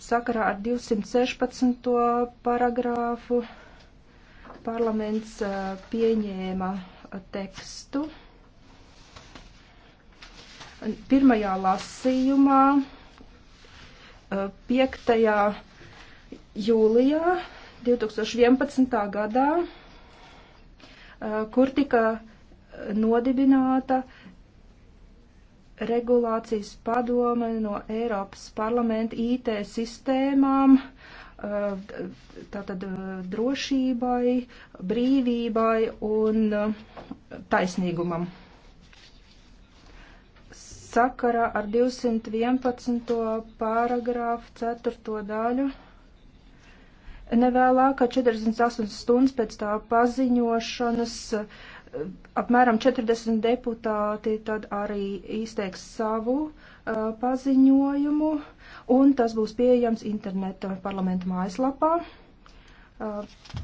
sakarā ar 216. paragrāfu parlaments pieņēma tekstu. Pirmajā lasījumā 5. jūlijā 2011. gadā, kur tika nodibināta regulācijas padome no Eiropas parlamenta IT sistēmām, eh, tātad eh, drošībai, brīvībai un eh, taisnīgumam. Sakarā ar 211. pāragrāfu 4. daļu nevēlākā 48 stundas pēc tā paziņošanas uh, apmēram 40 deputāti tad arī izteiks savu uh, paziņojumu, un tas būs pieejams interneta parlamenta mājaslapā. Uh,